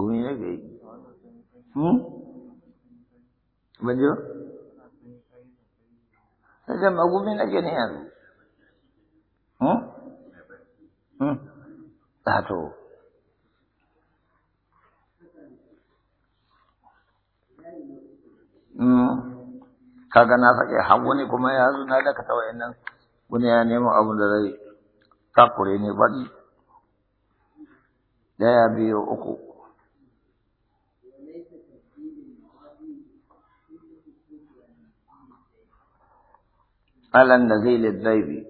gumi ne hmm? bai ne yanzu hmm? hmm? ah, Kaga na faɗi har kuma ya zo na ka ta nan? wani ya nemo abin da zai takure ne baɗi. Daya biyu uku. alan nazilin zaibi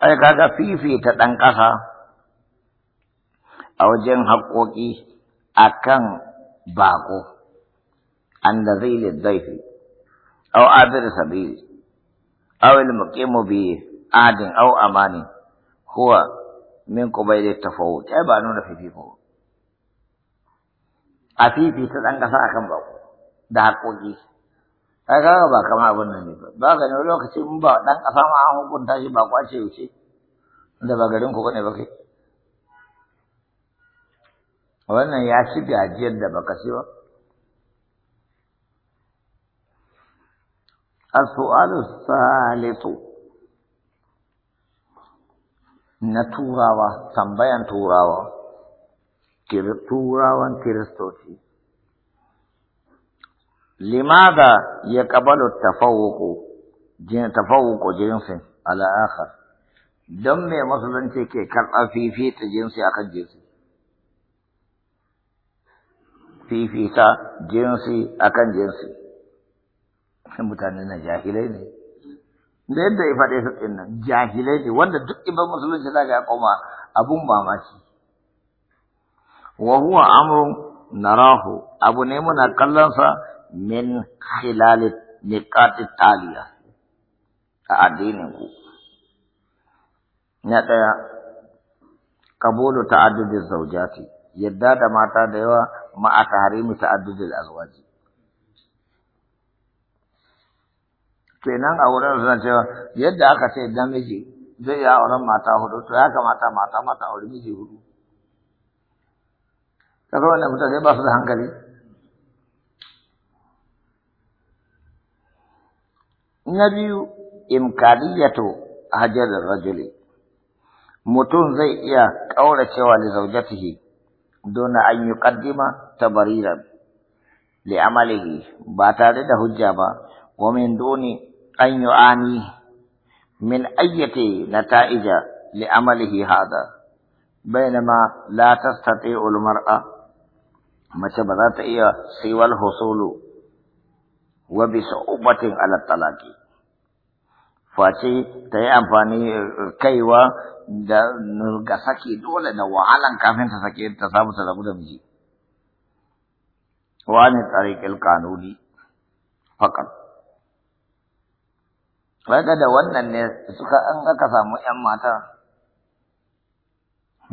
ai kaga fifita ɗan ƙasa a wajen haƙoƙi a kan baƙo an nazilin zaifi au abir sabili au ilmuƙimu bi adin au amani huwa min kubailin tafawut ai ba nuna fifiko a fifita ɗan ƙasa a kan baƙo da haƙoƙi ai kaga ba kamar abin nan ne ba ba ga ne lokaci mun ba dan kasa ma an hukunta shi ba kwace yace da ba garin ku kone ba kai wannan ya ci gajiyar da baka ci ba السؤال الثالث نتوراوا turawa توراوا تر turawan Kiristoci. لماذا ya التفوق جن تفوق جنس على آخر دم مثلا كي كرأ في في جنس أخر جنس في في جنسي أكن mutane na jahilai ne da yadda ya faɗe su nan jahilai ne wanda duk ibn musulunci za ga koma abun mamaki wa huwa amrun narahu abu ne muna kallon sa من خلال نقاط taliya a نتا قبول na الزوجات kabulu ta'addud zawjati yadda da mata da yawa kenan a wurin suna cewa yadda aka ce miji zai yi auren mata hudu to ya kamata mata mata aure miji hudu kaga wanda mutane ba su da hankali نبي إمكانية هجر الرجل متون زي قول شوى لزوجته دون أن يقدم تبريرا لعمله باتار له الجابة ومن دون أن يعاني من أي نتائج لعمله هذا بينما لا تستطيع المرأة ما شبهت إياه سوى الحصول وبصعوبة على الطلاق face ta yi amfani kaiwa da ga sake dole da wahalan kafin ta sake ta samu ta zabu da miji wani tsari kanuni fakat Raga da wannan ne suka an aka samu yan mata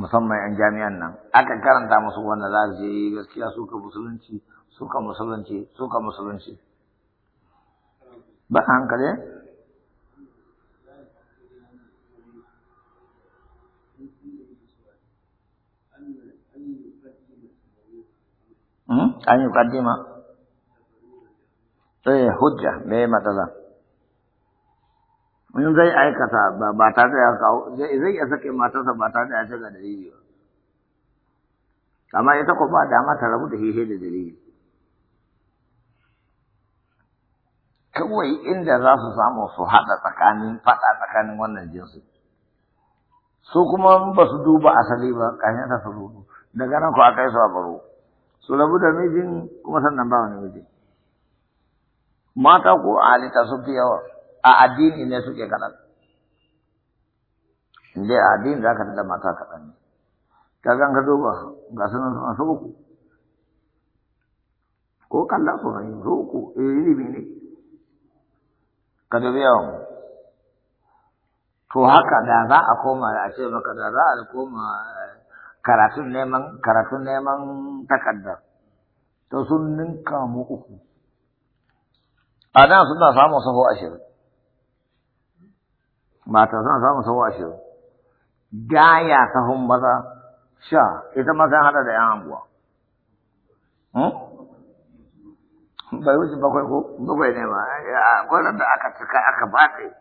musamman yan jami'an nan aka karanta musu wannan za su je gaskiya suka musulunci suka musulunci suka musulunci ba hankali an yuqaddima sai eh, hujja me matsala in zai aikata ba tare da ya kawo zai iya sake matarsa ba tare ya shiga dalili ba amma ita ko ba dama ta rabu da hihe da dalili kawai inda za su samu su haɗa tsakanin faɗa tsakanin wannan jinsi su kuma basu duba asali ba ƙarshen ta su daga nan ko aka yi su a baro su rabu da mijin kuma sannan ba wani miji mata ko ta sun fi yawa a addini ne suke kaɗan inda a addini za ka da mata kaɗan ne ka gan ka duba ga sunan suna su uku ko kalla su ne su uku eh, ilimi ne ka dubi yawan to haka da za a koma a ce maka da za a koma karatun neman karatun neman takardar to sun ninka mu uku a da suna samun saho ashirin mata suna samun saho ashirin gaya sahun maza sha ita ma sai hada da yan anguwa hmm? bai wuce bakwai ko bakwai ne ba akwai da aka cika aka kai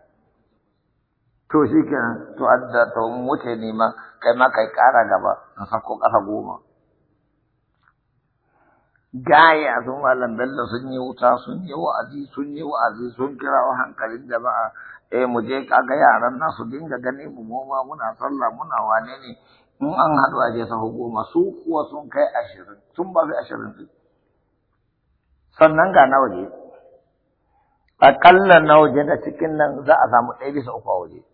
to shi ke to adda ta wuce ne ma kai ma kai kara gaba na sako kasa goma gaya sun malam bello sun yi wuta sun yi wa'azi sun yi wa'azi sun kira wa hankalin jama'a eh mu je kaga yaran su dinga gani mu goma ma muna sallah muna wane ne in an haɗu a je sahu goma su kuwa sun kai ashirin sun ba su ashirin su sannan ga na waje akalla na waje da cikin nan za a samu ɗaya bisa uku a waje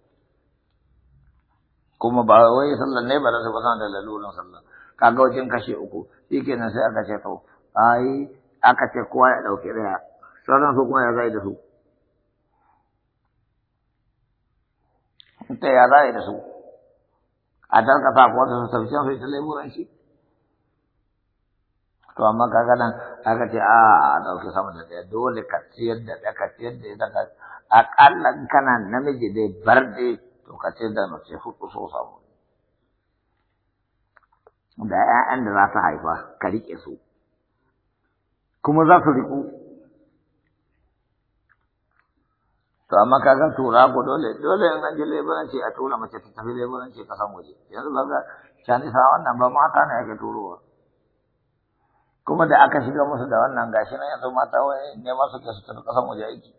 kuma ba wai sallan ne ba da su ba da lalurin sallan kaga wajen kashe uku shikenan sai aka ce to ai aka ce kowa ya dauki daya sauran su kuma ya zai da su ta ya zai da su a dan kasa ko wata su tafi can su ita leburan shi to amma kaga nan aka ce ah, a ɗauki sama da daya dole ka ciyar da ka ciyar da ita ka akalla kana namiji dai bar dai to ka ce da mace hudu so samu da ‘ya'yan da za ta haifa ka riƙe su kuma za su riƙu to amma ka ga tura ku dole dole in an ji leburanci a tura mace ta tafi leburanci kasan waje yanzu ba ga canisa wannan ba mata ne ake turowa kuma da aka shiga musu da wannan gashi na yanzu mata wani ne masu ke su tafi kasan waje aiki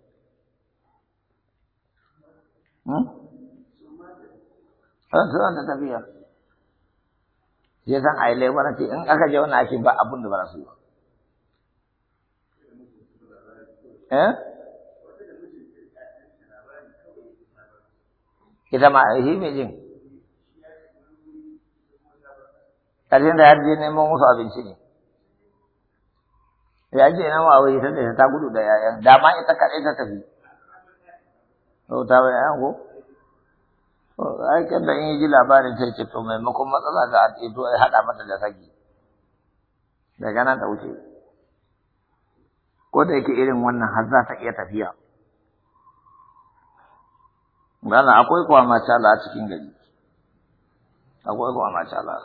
Hmm? rantuwa da tafiya sai san a yi laibaranci in aka je wannan ake ba abin da ba su yi eh? ita ma eh, shi mai Tadi ƙarshen da ya je neman musu abinci ne ya je nan wa wuri tak ta gudu da yayan dama ita kaɗai ta tafi. Sau ta bayan ko? Aikin da in ji labarin sai ce to maimakon matsala ga a to ya haɗa mata da saki. Daga nan ta wuce. Ko da yake irin wannan har za ta iya tafiya. Gana akwai kwamacala a cikin gari. Akwai kwamacala.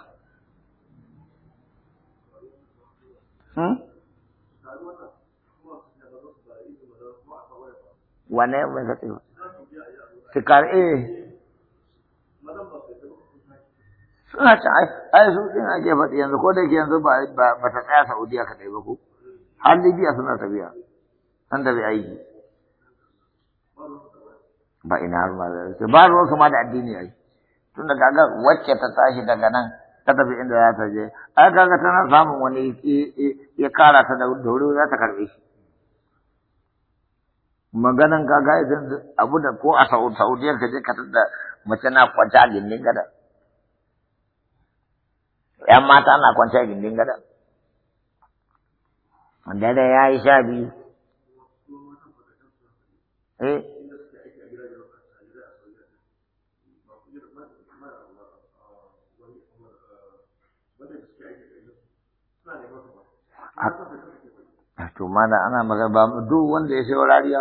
Hmm? Wane mai zaɓe? Sikar eh. suna ci ai su din ake faɗi yanzu ko da ke yanzu ba ba ta tsaya Saudiya kaɗai ba ko har Libya suna tafiya an tafi aiki ba ina har ma da ba ruwa kuma da addini ai tun da kaga wacce ta tashi daga nan ta tafi inda za ta je ai kaga tana samun wani ya kara ta da wuri za ta karɓe shi maganan kaga idan abu da ko a Saudiya ka je ka tada mace na kwanta a gindin gada ‘yan mata na kwanciya gindin gadon. Dare ya yi sha biyu. Eh? To mana ana magana ba duk wanda ya sayo rariya.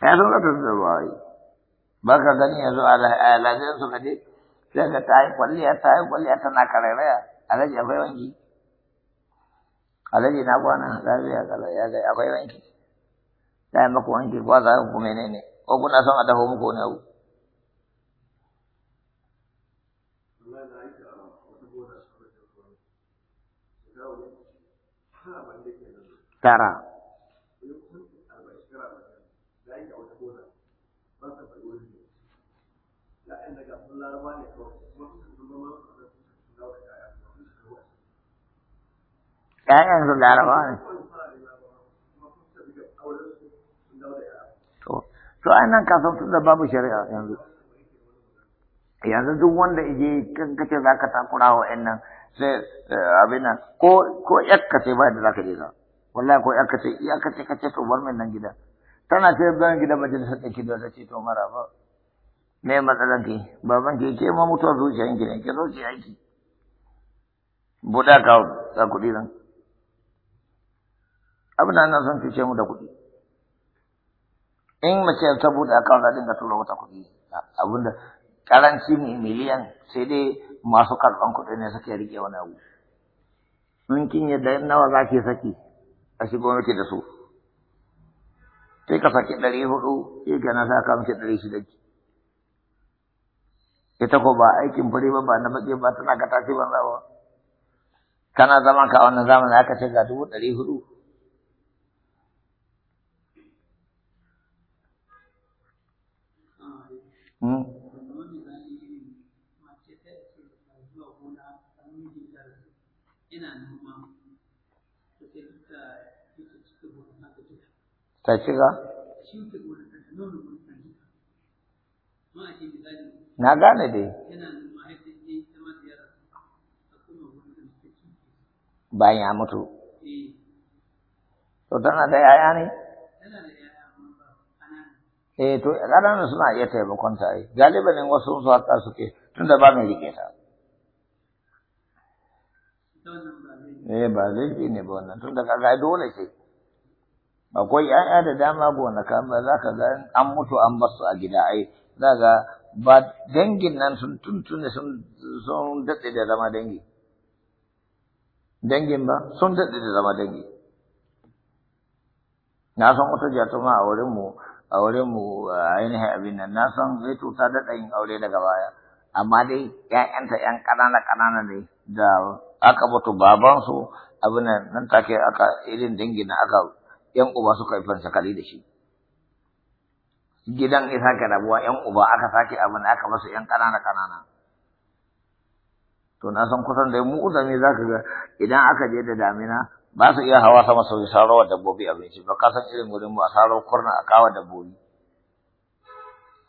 Ya zo da ruwa Ba ka gani yanzu a lajin su kaje? sai ga ta kwalliya ta kwalliya tana karairaya alaji akwai wanki alaji na kwana lafiya kala ya ga akwai wanki ta maku wanki kwa za ku menene ko kuna son a dafa muku ne abu tara laraba ne kawai su zama su ne. To, to nan kasan tun da babu shari'a yanzu. Yanzu duk wanda ije kankace za ka takura wa ‘yan eh, nan sai abin ko ko yakka ce ba da za ka je ka. Wallahi ko yakka ce yakka ce ka ce to bar min nan gida. Tana ce ban gida majalisar ɗaki da ta ce to mara ba. me matsalan ki baban ki ke ma mutuwa zuciya ki ne ke zo ki aiki buɗa ka ga kuɗi nan abin nan son ki ce mu da kuɗi in mace ta buɗe akawun za dinga tura wata kuɗi abinda karanci miliyan sai dai masu karɓan kudi ne suke rike wani abu in kin yadda nawa za ki saki a shi gwamnati da su sai ka saki ɗari hudu sai ka na sa ka miki ɗari shida ki ita ko ba aikin fure ba ba na baƙi ba tana ka tashi ban ba kana zama ka a wannan zamanin aka ce ga dubu ɗari hudu hmm? ta shiga na gane dai bayan ya mutu eh. to tana da yaya ne eh to ƙananan suna iya taimakon ta ai galibanin wasu su haka suke tunda ba mai rike ta eh ba zai ne ba wannan tunda kaga dole ce akwai ‘ya'ya da dama gona ba za ka ga an mutu an basu a gida ai za ga ba dangin nan sun tuntune sun daɗe da zama dangi dangin ba sun daɗe da zama dangi na san wata jatuma a wurin mu a wurin mu ainihin abin nan na san zai tuta daɗa yin aure daga baya amma dai 'ya'yanta 'yan ƙanana ƙanana ne da aka mutu babansu abin nan nan take aka irin dangin aka ƴan uba suka yi fansakali da shi gidan ya sake rabuwa yan uba aka sake abin da aka basu yan kanana kanana to na san kusan da mu uzami zaka ga idan aka je da damina ba su iya hawa sama sau saro dabbobi abinci ba ka san irin wurin mu a saro kurna a kawa dabbobi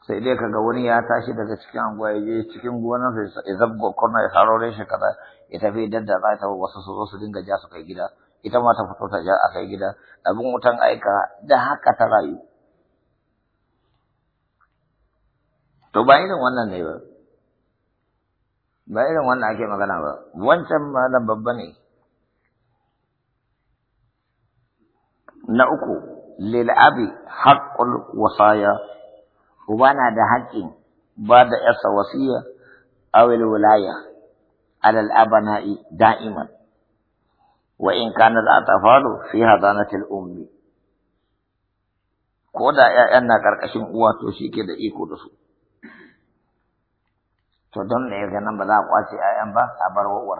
sai dai kaga wani ya tashi daga cikin anguwa ya je cikin gonar sai ya zabgo kurna ya saro reshe kaza ya tafi dadda za ta wasu su zo su dinga ja su kai gida ita ma ta fito ta ja a kai gida abin wutan aika da haka ta rayu to ba irin wannan ne ba ba irin wannan ake magana ba wancan malam babba ne na uku lil'abi haƙƙul wasaya uba na da haƙƙin ba da ‘yarsa wasiya awil wilaya alal abana'i da'iman wa in kana al'atafalu fi hadanatil ummi ko da ‘ya'yan na ƙarƙashin uwa to shi ke da iko da su to don ne ga nan ba za a kwace ‘ya'yan ba a bar wawar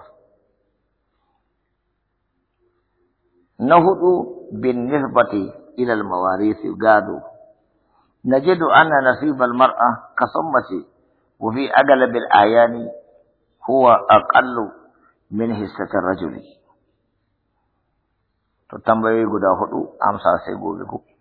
Na hudu bin nisbati ila al mawarisi gado. Najidu anna nasib al mar'a kasan wa fi al ayani huwa aqallu min hissatar rajuli. To tambayoyi guda hudu amsa sai gobe ku.